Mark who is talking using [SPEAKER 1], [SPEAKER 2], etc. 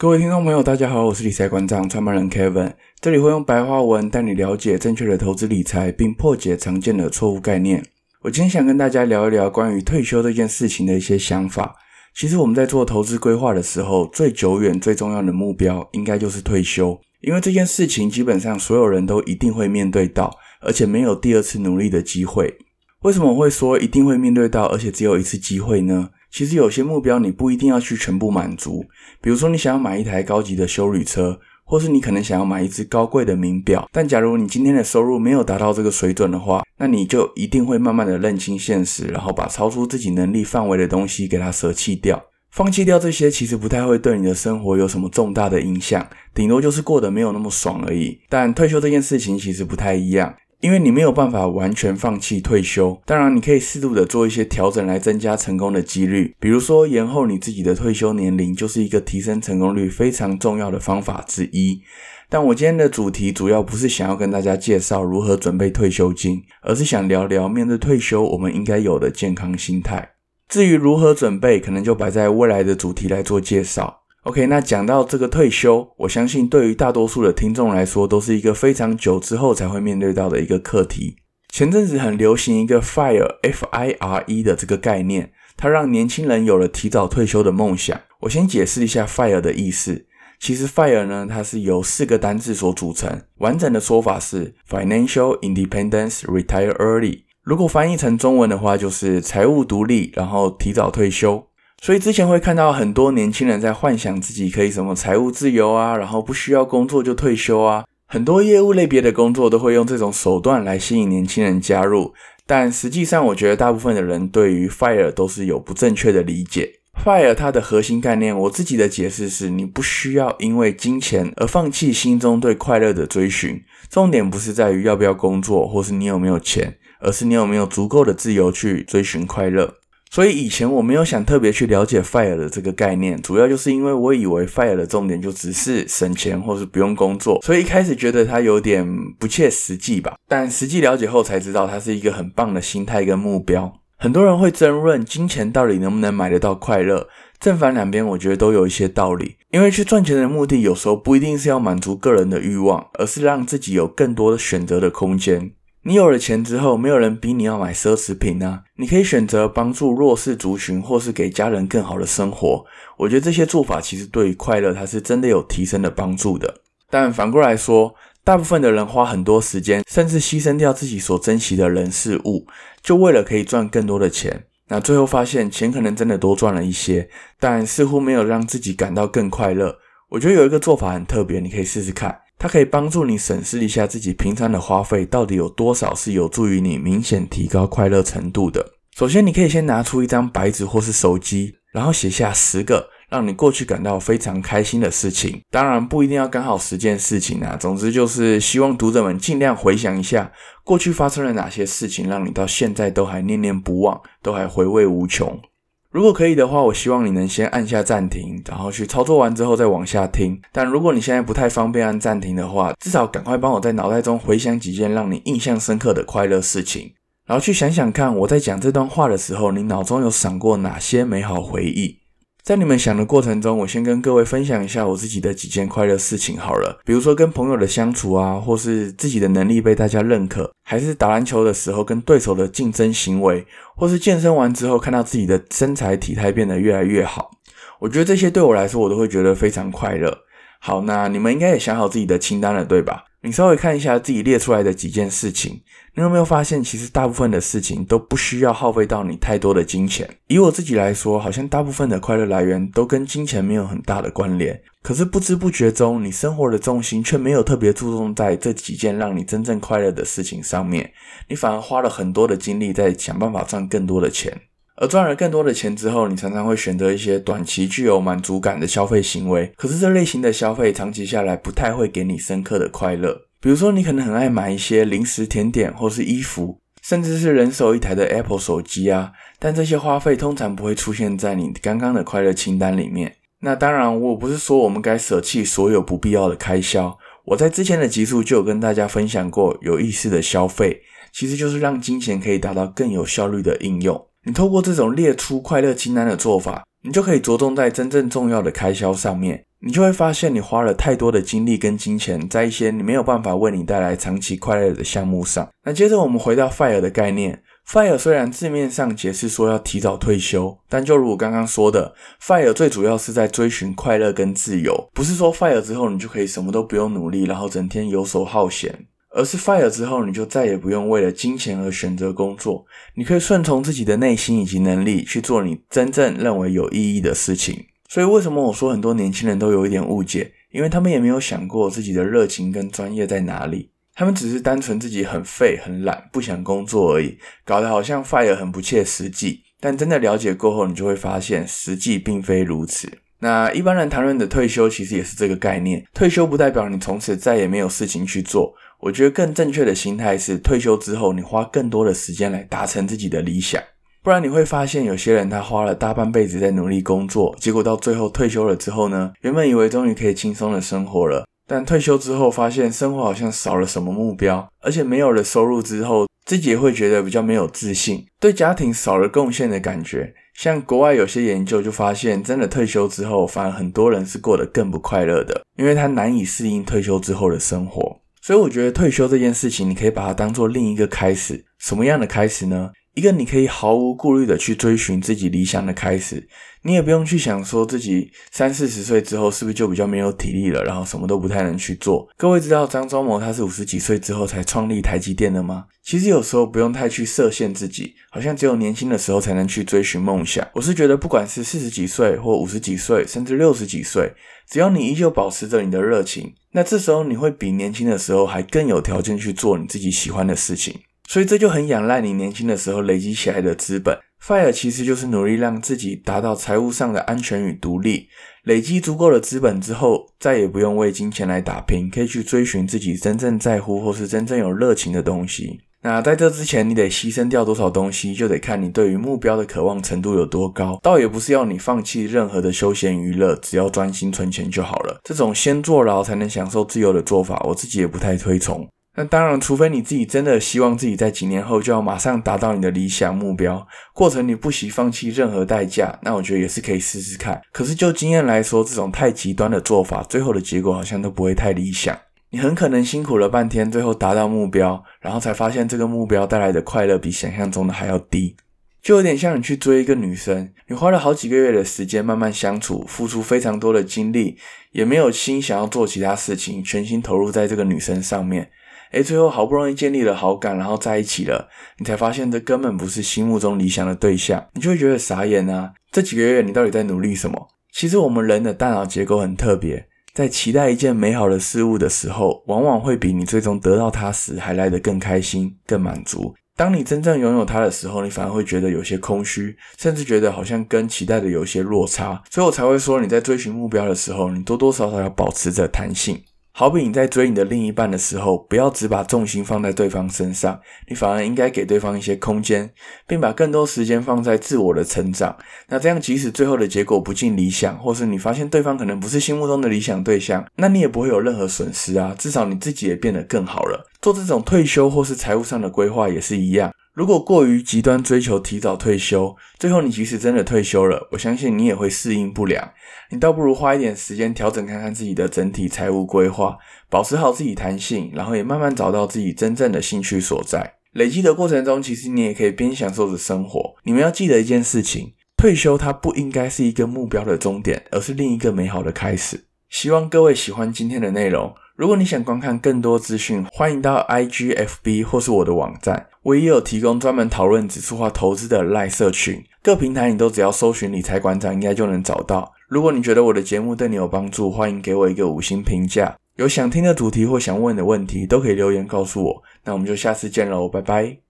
[SPEAKER 1] 各位聽眾朋友，大家好，我是理財館長，創辦人 Kevin，這裡會用白話文帶你了解正確的投資理財，並破解常見的錯誤概念。我今天想跟大家聊一聊關於退休這件事情的一些想法。其實我們在做投資規劃的時候，最久遠、最重要的目標，應該就是退休，因為這件事情基本上所有人都一定會面對到，而且沒有第二次努力的機會。為什麼我會說一定會面對到，而且只有一次機會呢？其實有些目標你不一定要去全部滿足，比如說你想要買一台高級的休旅車，或是你可能想要買一支高貴的名錶，但假如你今天的收入沒有達到這個水準的話，那你就一定會慢慢的認清現實，然後把超出自己能力範圍的東西給它捨棄掉，放棄掉這些其實不太會對你的生活有什麼重大的影響，頂多就是過得沒有那麼爽而已。但退休這件事情其實不太一樣。因為你沒有辦法完全放棄退休，當然你可以適度的做一些調整來增加成功的幾率，比如說延後你自己的退休年齡，就是一個提升成功率非常重要的方法之一。但我今天的主題主要不是想要跟大家介紹如何準備退休金，而是想聊聊面對退休我們應該有的健康心態。至於如何準備，可能就擺在未來的主題來做介紹。OK，那講到這個退休，我相信對於大多數的聽眾來說，都是一個非常久之後才會面對到的一個課題。前陣子很流行一個 “FIRE”，F-I-R-E 的這個概念，它讓年輕人有了提早退休的夢想。我先解釋一下 “FIRE” 的意思。其實 “FIRE” 呢，它是由四個單字所組成，完整的說法是 “Financial Independence Retire Early”。如果翻譯成中文的話，就是財務獨立，然後提早退休。所以之前會看到很多年輕人在幻想自己可以什麼財務自由啊，然後，不需要工作就退休啊。很多業務類別的工作都會用這種手段來吸引年輕人加入。但實際上，我覺得大部分的人對於 FIRE 都是有不正確的理解。FIRE 它的核心概念，我自己的解釋是你不需要因為金錢而放棄心中對快樂的追尋。重點不是在於要不要工作，或是你有沒有錢，而是你有沒有足夠的自由去追尋快樂。所以以前我沒有想特別去了解 FIRE 的這個概念，主要就是因為我以為 FIRE 的重點就只是省錢或是不用工作，所以一開始覺得它有點不切實際吧。但實際了解後才知道，它是一個很棒的心態跟目標。很多人會爭論金錢到底能不能買得到快樂，正反兩邊我覺得都有一些道理。因為去賺錢的目的有時候不一定是要滿足個人的欲望，而是讓自己有更多的選擇的空間。你有了錢之後，沒有人逼你要買奢侈品呢、啊。你可以選擇幫助弱勢族群，或是給家人更好的生活。我覺得這些做法其實對於快樂，它是真的有提升的幫助的。但反過來說，大部分的人花很多時間，甚至犧牲掉自己所珍惜的人事物，就為了可以賺更多的錢。那最後發現，錢可能真的多賺了一些，但似乎沒有讓自己感到更快樂。我覺得有一個做法很特別，你可以試試看。它可以幫助你審視一下自己平常的花費，到底有多少是有助於你明顯提高快樂程度的。首先，你可以先拿出一張白紙或是手機，然後寫下十個讓你過去感到非常開心的事情。當然，不一定要剛好十件事情啊。總之，就是希望讀者們盡量回想一下過去發生了哪些事情，讓你到現在都還念念不忘，都還回味無窮。如果可以的話，我希望你能先按下暫停，然後去操作完之後再往下聽。但如果你現在不太方便按暫停的話，至少趕快幫我在腦袋中回想幾件讓你印象深刻的快樂事情，然後去想想看，我在講這段話的時候，你腦中有閃過哪些美好回憶。在你們想的過程中，我先跟各位分享一下我自己的幾件快樂事情好了。比如說跟朋友的相處啊，或是自己的能力被大家認可，還是打籃球的時候跟對手的競爭行為，或是健身完之後看到自己的身材體態變得越來越好。我覺得這些對我來說我都會覺得非常快樂。好，那你們應該也想好自己的清單了，對吧？你稍微看一下自己列出來的幾件事情，你有沒有發現，其實大部分的事情都不需要耗費到你太多的金錢？以我自己來說，好像大部分的快樂來源都跟金錢沒有很大的關聯。可是不知不覺中，你生活的重心却沒有特別注重在這幾件讓你真正快樂的事情上面，你反而花了很多的精力在想辦法賺更多的錢。而賺了更多的錢之後，你常常會選擇一些短期具有滿足感的消費行為。可是，這類型的消費長期下來不太會給你深刻的快樂。比如說，你可能很愛買一些零食、甜點或是衣服，甚至是人手一台的 Apple 手機啊。但這些花費通常不會出現在你剛剛的快樂清單裡面。那當然，我不是說我們該捨棄所有不必要的開銷。我在之前的集數就有跟大家分享過，有意識的消費其實就是讓金錢可以達到更有效率的應用。你透過這種列出快樂清單的做法，你就可以着重在真正重要的開銷上面。你就會發現，你花了太多的精力跟金錢在一些你沒有辦法為你帶來長期快樂的項目上。那接着，我們回到 FIRE 的概念。FIRE 雖然字面上解釋說要提早退休，但就如我剛剛說的，FIRE 最主要是在追尋快樂跟自由，不是說 FIRE 之後你就可以什麼都不用努力，然後整天游手好閒。而是 FIRE 之後，你就再也不用為了金錢而選擇工作，你可以順從自己的內心以及能力去做你真正認為有意義的事情。所以，為什麼我說很多年輕人都有一點誤解？因為他們也沒有想過自己的熱情跟專業在哪裡，他們只是單純自己很廢、很懶，不想工作而已，搞得好像 FIRE 很不切實際。但真的了解過後，你就會發現實際並非如此。那一般人談論的退休，其實也是這個概念：退休不代表你從此再也沒有事情去做。我覺得更正確的心態是，退休之後你花更多的時間來達成自己的理想，不然你會發現有些人他花了大半輩子在努力工作，結果到最後退休了之後呢，原本以為終於可以輕鬆的生活了，但退休之後發現生活好像少了什麼目標，而且沒有了收入之後，自己也會覺得比較沒有自信，對家庭少了貢獻的感覺。像國外有些研究就發現，真的退休之後，反而很多人是過得更不快樂的，因為他難以適應退休之後的生活。所以我覺得退休這件事情，你可以把它當做另一個開始。什麼樣的開始呢？一個，你可以毫無顧慮的去追尋自己理想的開始，你也不用去想說自己三四十歲之後是不是就比較沒有體力了，然後什麼都不太能去做。各位知道張忠謀他是五十幾歲之後才創立台積電的嗎？其實有時候不用太去設限自己，好像只有年輕的時候才能去追尋夢想。我是覺得，不管是四十幾歲或五十幾歲，甚至六十幾歲，只要你依舊保持着你的熱情，那這時候你會比年輕的時候還更有條件去做你自己喜歡的事情。所以這就很仰賴你年輕的時候累積起來的資本。FIRE 其實就是努力讓自己達到財務上的安全與獨立，累積足夠的資本之後，再也不用為金錢來打拼，可以去追尋自己真正在乎或是真正有熱情的東西。那在這之前，你得犧牲掉多少東西，就得看你對於目標的渴望程度有多高。倒也不是要你放棄任何的休閒娛樂，只要專心存錢就好了。這種先坐牢才能享受自由的做法，我自己也不太推崇。那當然，除非你自己真的希望自己在幾年後就要馬上達到你的理想目標，過程你不惜放棄任何代價，那我覺得也是可以試試看。可是就經驗來說，這種太極端的做法，最後的結果好像都不會太理想。你很可能辛苦了半天，最後達到目標，然後才發現這個目標帶來的快樂比想象中的還要低，就有點像你去追一個女生，你花了好幾個月的時間慢慢相處，付出非常多的精力，也沒有心想要做其他事情，全心投入在這個女生上面。欸，最後好不容易建立了好感，然後在一起了，你才發現這根本不是心目中理想的對象，你就會覺得傻眼啊！這幾個月你到底在努力什麼？其實我們人的大腦結構很特別，在期待一件美好的事物的時候，往往會比你最終得到它時還來得更開心、更滿足。當你真正擁有它的時候，你反而會覺得有些空虛，甚至覺得好像跟期待的有些落差。所以我才會說，你在追尋目標的時候，你多多少少要保持着彈性。好比你在追你的另一半的時候，不要只把重心放在對方身上，你反而應該給對方一些空間，並把更多時間放在自我的成長。那這樣，即使最後的結果不盡理想，或是你發現對方可能不是心目中的理想對象，那你也不會有任何損失啊。至少你自己也變得更好了。做這種退休或是財務上的規劃也是一樣。如果過於極端追求提早退休，最後你即使真的退休了，我相信你也會適應不良。你倒不如花一點時間調整看看自己的整體財務規劃，保持好自己彈性，然後也慢慢找到自己真正的興趣所在。累積的過程中，其實你也可以邊享受着生活。你們要記得一件事情，退休它不應該是一個目標的終點，而是另一個美好的開始。希望各位喜歡今天的內容。如果你想觀看更多資訊，歡迎到 I G F B 或是我的網站，我也有提供專門討論指數化投資的 LINE 社群，各平台你都只要搜尋理財館長，應該就能找到。如果你覺得我的節目對你有幫助，歡迎給我一個五星評價。有想聽的主題或想問的問題，都可以留言告訴我。那我們就下次見嘍，拜拜。